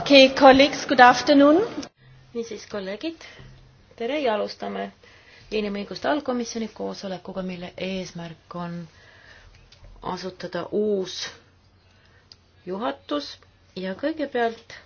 okei okay,, colleagues, good afternoon. niisiis, kolleegid, tere ja alustame inimõiguste allkomisjoni koosolekuga, mille eesmärk on asutada uus juhatus ja kõigepealt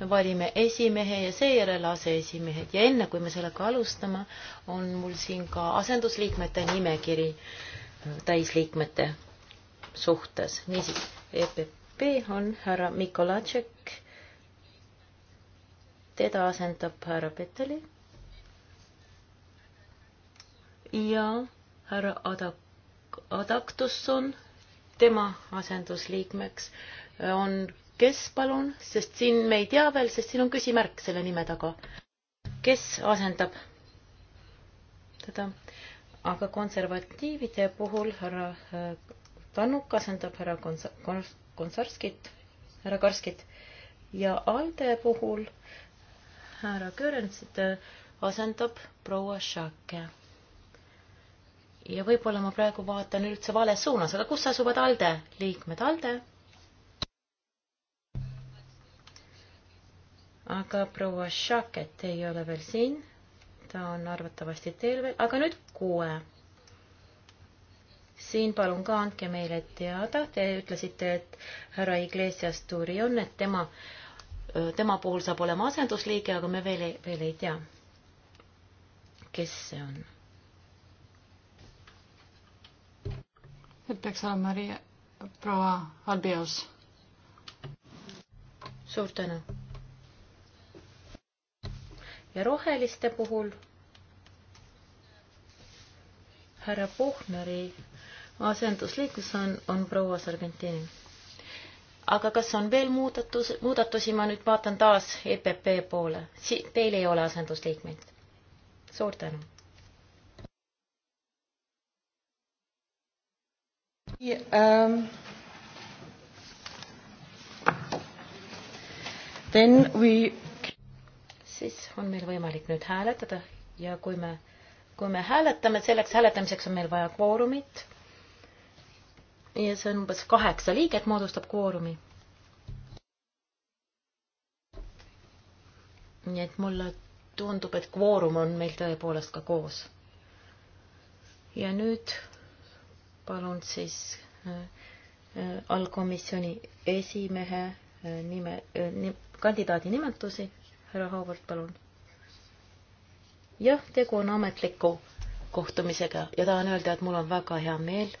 me valime esimehe ja seejärel aseesimehed ja enne kui me sellega alustame, on mul siin ka asendusliikmete nimekiri täisliikmete suhtes, niisiis EPP EPP on härra Mikolatšek. teda asendab härra Peteli. ja härra Adak-, Adaktusson, tema asendusliikmeks äh, on kes, palun, sest siin me ei tea veel, sest siin on küsimärk selle nime taga. kes asendab teda? aga konservatiivide puhul härra äh, Tannuk asendab härra kons-, kons-, Konsarskit, härra Karskit ja ALDE puhul härra Körensit äh, asendab proua Šake. ja võib-olla ma praegu vaatan üldse vales suunas, aga kus asuvad ALDE liikmed, ALDE? aga proua Šaket ei ole veel siin, ta on arvatavasti teel veel, aga nüüd kuue siin palun ka andke meile teada, te ütlesite, et härra Iglesias Turi on, et tema, tema puhul saab olema asendusliige, aga me veel ei, veel ei tea, kes see on. see peaks olema Maria, proua Albios. suur tänu. ja roheliste puhul härra Puhneri asendusliiklus on, on proua Sargentini. aga kas on veel muudatus, muudatusi, ma nüüd vaatan taas EPP poole si. Teil ei ole asendusliikmeid. suur tänu. Um, then we siis on meil võimalik nüüd hääletada ja kui me, kui me hääletame, selleks hääletamiseks on meil vaja kvoorumit ja see on umbes kaheksa liiget, moodustab kvoorumi. nii et mulle tundub, et kvoorum on meil tõepoolest ka koos. ja nüüd palun siis äh, äh, allkomisjoni esimehe äh, nime, kandidaadi nimetusi. härra Haavart, palun. jah, tegu on ametliku kohtumisega ja tahan öelda, et mul on väga hea meel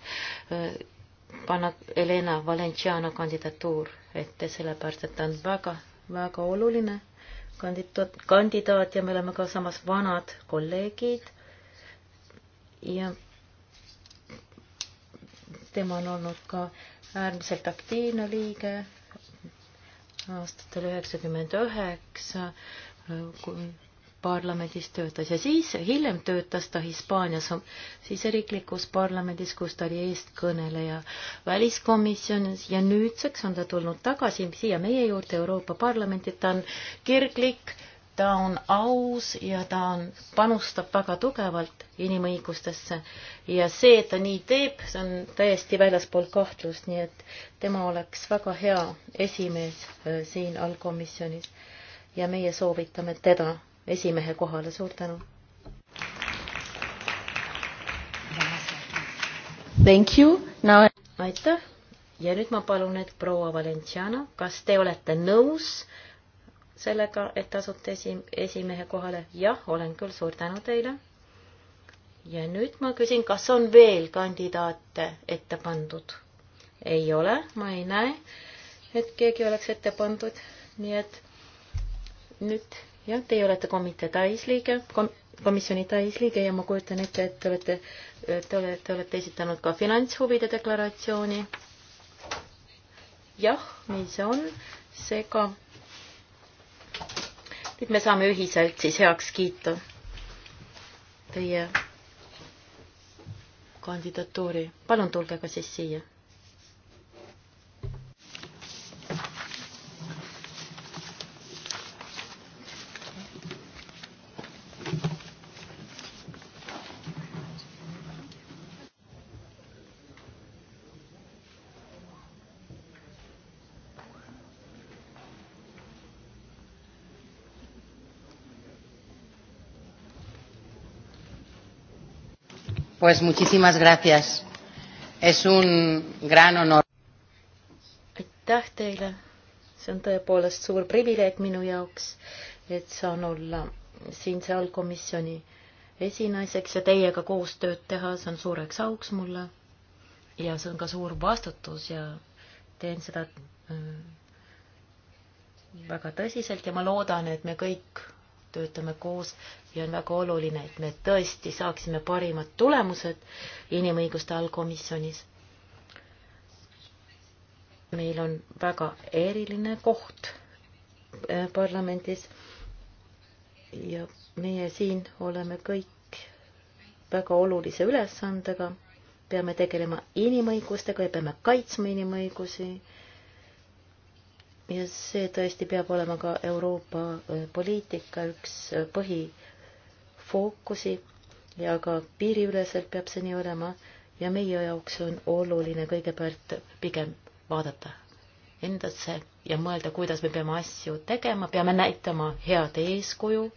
panna Helena Valenciano kandidatuur ette, sellepärast et ta on väga-väga oluline kandidaat, kandidaat ja me oleme ka samas vanad kolleegid. ja tema on olnud ka äärmiselt aktiivne liige aastatel üheksakümmend üheksa, kui parlamendis töötas ja siis hiljem töötas ta Hispaanias siseriiklikus parlamendis, kus ta oli eestkõneleja väliskomisjonis ja nüüdseks on ta tulnud tagasi siia meie juurde Euroopa Parlamenti, ta on kirglik, ta on aus ja ta on, panustab väga tugevalt inimõigustesse ja see, et ta nii teeb, see on täiesti väljaspool kahtlust, nii et tema oleks väga hea esimees äh, siin allkomisjonis ja meie soovitame teda esimehe kohale, suur tänu. Thank you Now.... aitäh ja nüüd ma palun, et proua Valenciana, kas te olete nõus sellega, et asute esi, esimehe kohale? jah, olen küll, suur tänu teile. ja nüüd ma küsin, kas on veel kandidaate ette pandud? ei ole, ma ei näe, et keegi oleks ette pandud, nii et nüüd jah, teie olete komitee täisliige kom,, komisjoni täisliige ja ma kujutan ette, et te olete, te olete, te olete esitanud ka finantshuvide deklaratsiooni. jah, nii see on, seega nüüd me saame ühiselt siis heaks kiita teie kandidatuuri. palun tulge ka siis siia Pues muchísimas gracias. Es un gran honor. aitäh teile. see on tõepoolest suur privileeg minu jaoks, et saan olla siin seal komisjoni esinaiseks ja teiega koostööd teha, see on suureks auks mulle. ja see on ka suur vastutus ja teen seda äh, väga tõsiselt ja ma loodan, et me kõik töötame koos ja on väga oluline, et me tõesti saaksime parimad tulemused inimõiguste allkomisjonis. meil on väga eriline koht äh, parlamendis ja meie siin oleme kõik väga olulise ülesandega, peame tegelema inimõigustega ja peame kaitsma inimõigusi ja see tõesti peab olema ka Euroopa äh, poliitika üks äh, põhifookusi ja ka piiriüleselt peab see nii olema ja meie jaoks on oluline kõigepealt pigem vaadata endasse ja mõelda, kuidas me peame asju tegema, peame näitama head eeskuju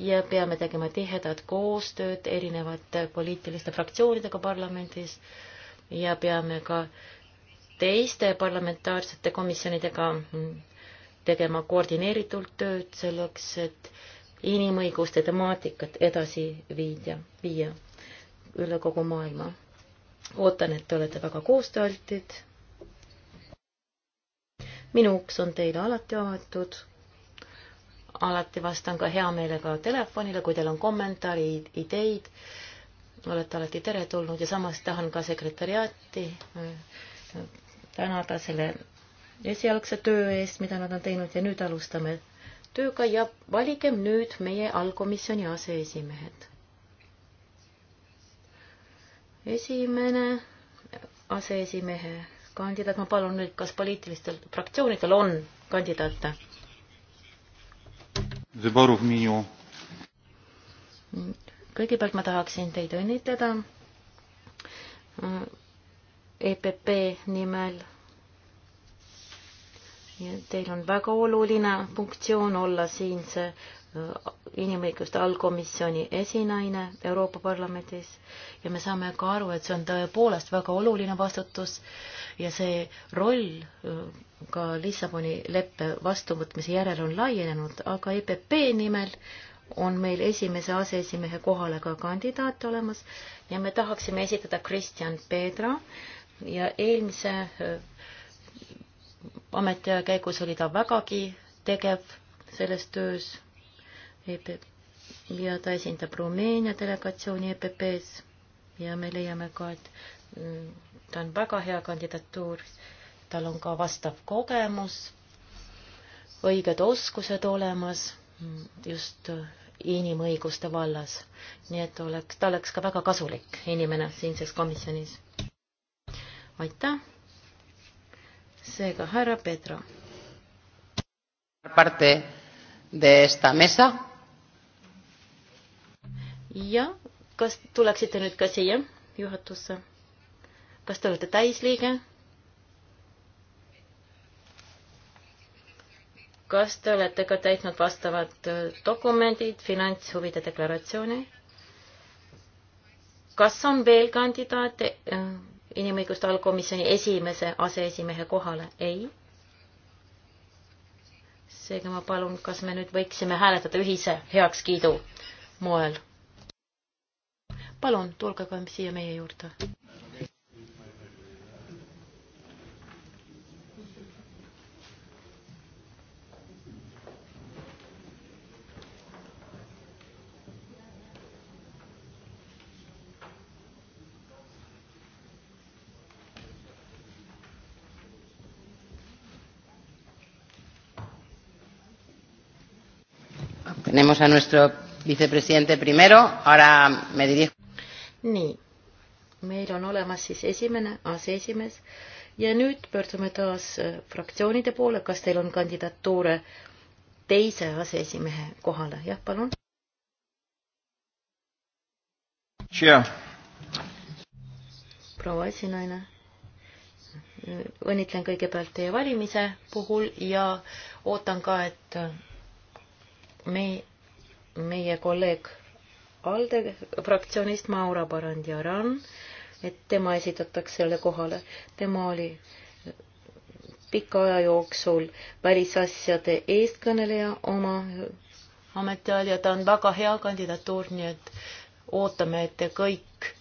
ja peame tegema tihedat koostööd erinevate poliitiliste fraktsioonidega parlamendis ja peame ka äh, teiste parlamentaarsete komisjonidega tegema koordineeritult tööd selleks, et inimõiguste temaatikat edasi viida, viia üle kogu maailma. ootan, et te olete väga koostööaltid. minu uks on teile alati avatud. alati vastan ka hea meelega telefonile, kui teil on kommentaare, ideid. olete alati teretulnud ja samas tahan ka sekretäriaati tänada selle esialgse töö eest, mida nad on teinud ja nüüd alustame tööga ja valigem nüüd meie allkomisjoni aseesimehed. esimene aseesimehe kandidaat, ma palun nüüd, kas poliitilistel fraktsioonidel on kandidaate? kõigepealt ma tahaksin teid õnnitleda EPP nimel. ja teil on väga oluline funktsioon olla siin see äh, inimõiguste allkomisjoni esinaine Euroopa Parlamendis ja me saame ka aru, et see on tõepoolest väga oluline vastutus ja see roll äh, ka Lissaboni leppe vastuvõtmise järel on laienenud, aga EPP nimel on meil esimese aseesimehe kohale ka kandidaat olemas ja me tahaksime esitada Kristjan Peedra, ja eelmise äh, ametiaja käigus oli ta vägagi tegev selles töös e ja ta esindab Rumeenia delegatsiooni EPP-s ja me leiame ka, et äh, ta on väga hea kandidatuur, tal on ka vastav kogemus, õiged oskused olemas mm, just äh, inimõiguste vallas. nii et oleks, ta oleks ka väga kasulik inimene siinses komisjonis aitäh. seega härra Pedro. parte de esta mesa. ja kas tuleksite nüüd ka siia juhatusse? kas te olete täisliige? kas te olete ka täitnud vastavad äh, dokumendid, finantshuvide deklaratsiooni? kas on veel kandidaate äh, inimõiguste allkomisjoni esimese aseesimehe kohale? ei. seega ma palun, kas me nüüd võiksime hääletada ühise heakskiidu moel? palun, tulge ka siia meie juurde. Tenemos a nuestro vicepresidente primero, ahora me dirijo. nii, meil on olemas siis esimene aseesimees ja nüüd pöördume taas äh, fraktsioonide poole, kas teil on kandidatuure teise aseesimehe kohale, jah, palun. proua esinaine õnnitlen kõigepealt teie valimise puhul ja ootan ka, et me, meie kolleeg ALDE fraktsioonist Maura Barandjaran, et tema esitatakse selle kohale. tema oli pika aja jooksul välisasjade eestkõneleja oma ametiajal ja ta on väga hea kandidatuur, nii et ootame, et te kõik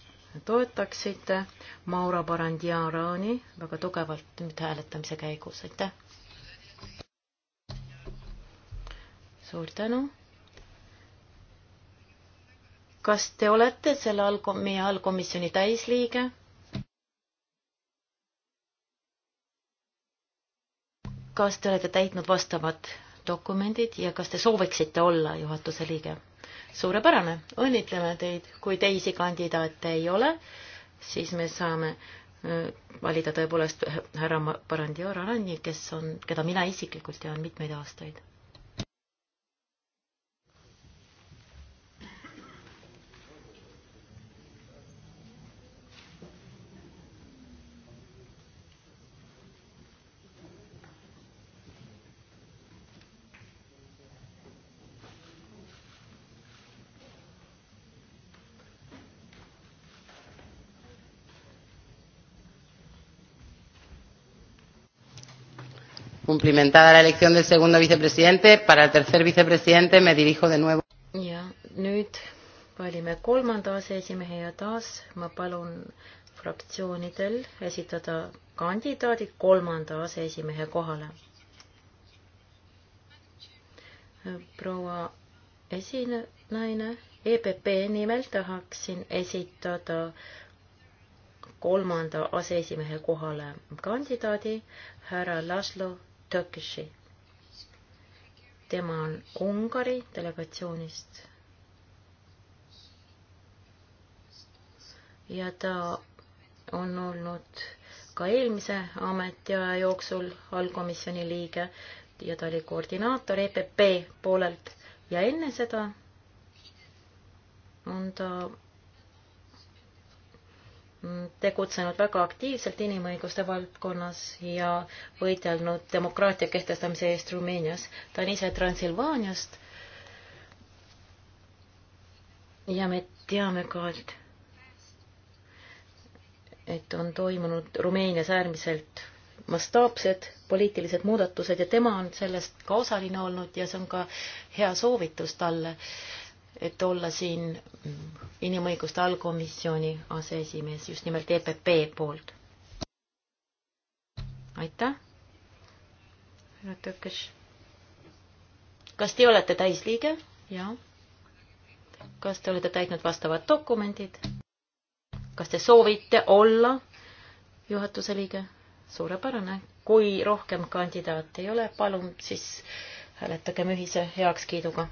toetaksite Maura Barandjarani väga tugevalt nüüd hääletamise käigus, aitäh! suur tänu. kas te olete selle all, meie allkomisjoni täisliige? kas te olete täitnud vastavad dokumendid ja kas te sooviksite olla juhatuse liige? suurepärane, õnnitleme teid, kui teisi kandidaate ei ole, siis me saame äh, valida tõepoolest härra Barandior Arani, kes on, keda mina isiklikult tean mitmeid aastaid. Cumplimentada la elección del segundo vicepresidente, para el tercer vicepresidente me dirijo de nuevo. ja nüüd valime kolmanda aseesimehe ja taas ma palun fraktsioonidel esitada kandidaadid kolmanda aseesimehe kohale. proua esinaine, EPP nimel tahaksin esitada kolmanda aseesimehe kohale kandidaadi härra Laslo Tökishi. tema on Ungari delegatsioonist. ja ta on olnud ka eelmise ametiaja jooksul allkomisjoni liige ja ta oli koordinaator EPP poolelt ja enne seda on ta tegutsenud väga aktiivselt inimõiguste valdkonnas ja võidelnud demokraatia kehtestamise eest Rumeenias. ta on ise Transilvaaniast. ja me teame ka, et, et on toimunud Rumeenias äärmiselt mastaapsed poliitilised muudatused ja tema on sellest ka osaline olnud ja see on ka hea soovitus talle äh, et olla siin inimõiguste allkomisjoni aseesimees just nimelt EPP poolt. aitäh, härra Tökes. kas te olete täisliige? jah. kas te olete täitnud vastavad dokumendid? kas te soovite olla juhatuse liige? suurepärane. kui rohkem kandidaate ei ole, palun siis hääletagem ühise heakskiiduga.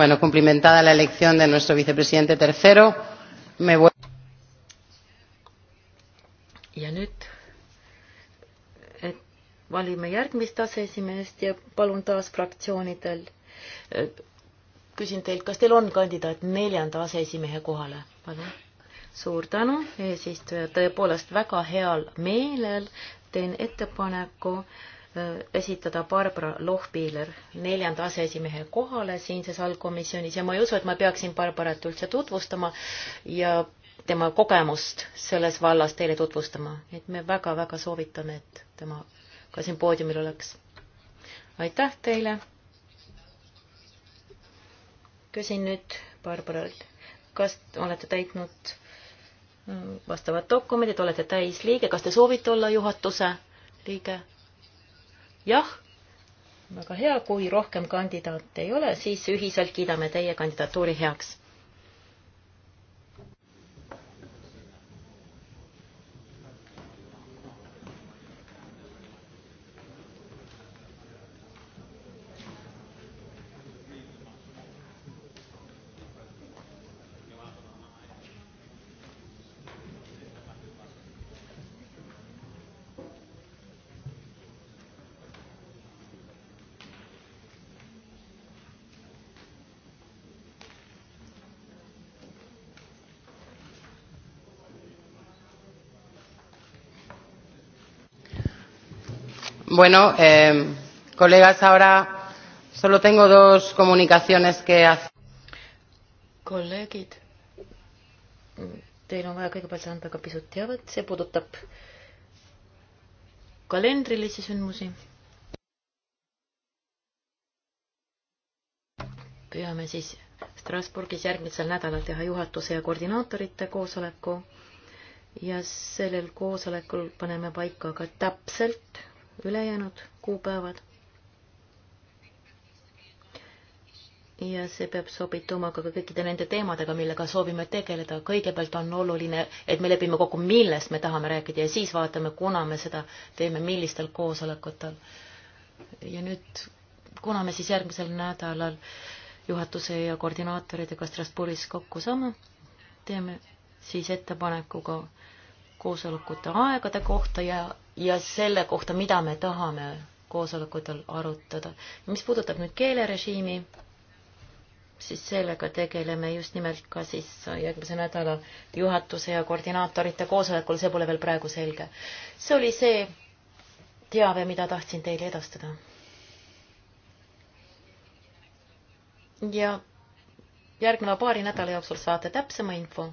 Bueno, cumplimentada la elección de nuestro vicepresidente tercero, me voy. ja nüüd valime järgmist aseesimeest ja palun taas fraktsioonidel. küsin teilt, kas teil on kandidaat neljanda aseesimehe kohale? palun. suur tänu, eesistuja, tõepoolest väga heal meelel teen ettepaneku äh, esitada Barbara Lohpiiler neljanda aseesimehe kohale siinses allkomisjonis ja ma ei usu, et ma peaksin Barbarat üldse tutvustama ja tema kogemust selles vallas teile tutvustama, et me väga-väga soovitame, et tema ka siin poodiumil oleks. aitäh teile. küsin nüüd Barbaralt, kas olete täitnud mm, vastavad dokumendid, olete täisliige, kas te soovite olla juhatuse liige? jah, väga hea, kui rohkem kandidaate ei ole, siis ühiselt kiidame teie kandidatuuri heaks. Bueno, eh, colegas, ahora solo tengo dos comunicaciones que hacer. kolleegid, teil on vaja kõigepealt anda ka pisut teavet, see puudutab kalendrilisi sündmusi. püüame siis Strasbourgis järgmisel nädalal teha juhatuse ja koordinaatorite koosoleku ja sellel koosolekul paneme paika ka täpselt ülejäänud kuupäevad. ja see peab sobituma ka kõikide nende teemadega, millega soovime tegeleda. kõigepealt on oluline, et me lepime kokku, millest me tahame rääkida ja siis vaatame, kuna me seda teeme, millistel koosolekutel. ja nüüd, kuna me siis järgmisel nädalal juhatuse ja koordinaatoridega Strasbourgis kokku saame, teeme siis ettepaneku ka koosolekute aegade kohta ja ja selle kohta, mida me tahame koosolekutel arutada. mis puudutab nüüd keelerežiimi, siis sellega tegeleme just nimelt ka siis järgmise nädala juhatuse ja koordinaatorite koosolekul, see pole veel praegu selge. see oli see teave, mida tahtsin teile edastada. ja järgneva paari nädala jooksul saate täpsema info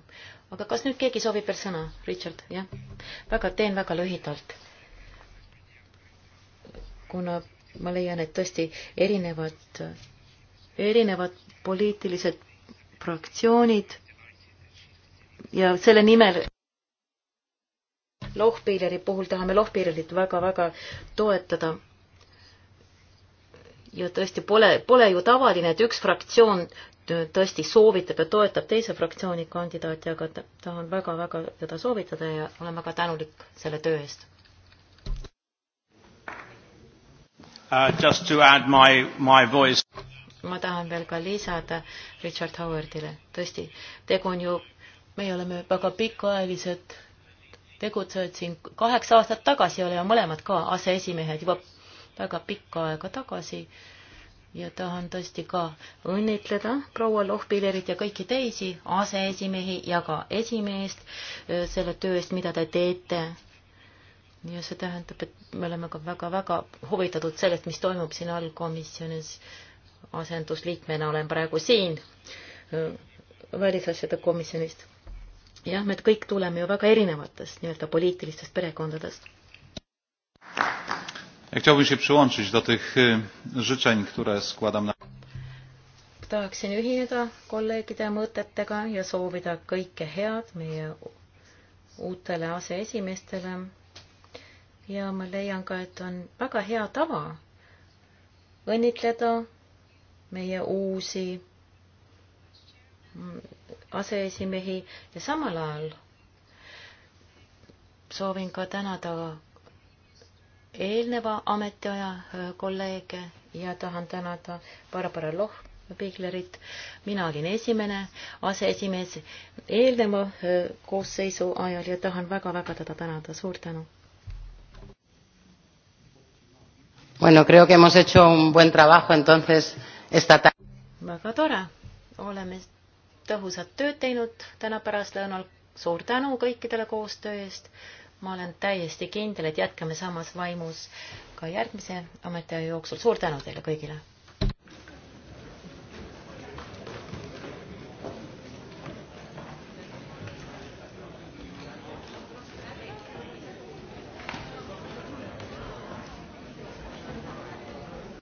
aga kas nüüd keegi soovib veel sõna? Richard, jah? väga, teen väga lühidalt. kuna ma leian, et tõesti erinevad, erinevad poliitilised fraktsioonid ja selle nimel lohpiileri puhul tahame lohpiilerit väga-väga toetada ja tõesti pole, pole ju tavaline, et üks fraktsioon tõesti soovitab ja toetab teise fraktsiooni kandidaati, aga tahan väga-väga teda soovitada ja olen väga tänulik selle töö eest uh,. Just to add my, my voice. ma tahan veel ka lisada Richard Howardile, tõesti, tegu on ju, meie oleme väga pikaajalised tegutsejad siin, kaheksa aastat tagasi olime mõlemad ka aseesimehed, juba väga pikka aega tagasi ja tahan tõesti ka õnnitleda proua Lohpillerit ja kõiki teisi aseesimehi ja ka esimeest äh, selle töö eest, mida te teete. ja see tähendab, et me oleme ka väga-väga huvitatud sellest, mis toimub siin allkomisjonis. asendusliikmena olen praegu siin äh, välisasjade komisjonist. jah, me kõik tuleme ju väga erinevatest nii-öelda poliitilistest perekondadest Chciałbym się przyłączyć do tych życzeń, które składam na tahaksin ühineda kolleegide mõtetega ja soovida kõike head meie uutele aseesimeestele. ja ma leian ka, et on väga hea tava õnnitleda meie uusi mm, aseesimehi ja samal ajal soovin ka tänada eelneva ametiaja äh, kolleege ja tahan tänada Barbara Loh, Piglerit. mina olin esimene aseesimees eelneva äh, koosseisu ajal ja tahan väga-väga teda tänada, suur tänu. Bueno, creo que hemos hecho un buen trabajo entonces esta tarde. väga tore, oleme tõhusat tööd teinud täna pärastlõunal. suur tänu kõikidele koostöö eest ma olen täiesti kindel, et jätkame samas vaimus ka järgmise ametiaja jooksul. suur tänu teile kõigile!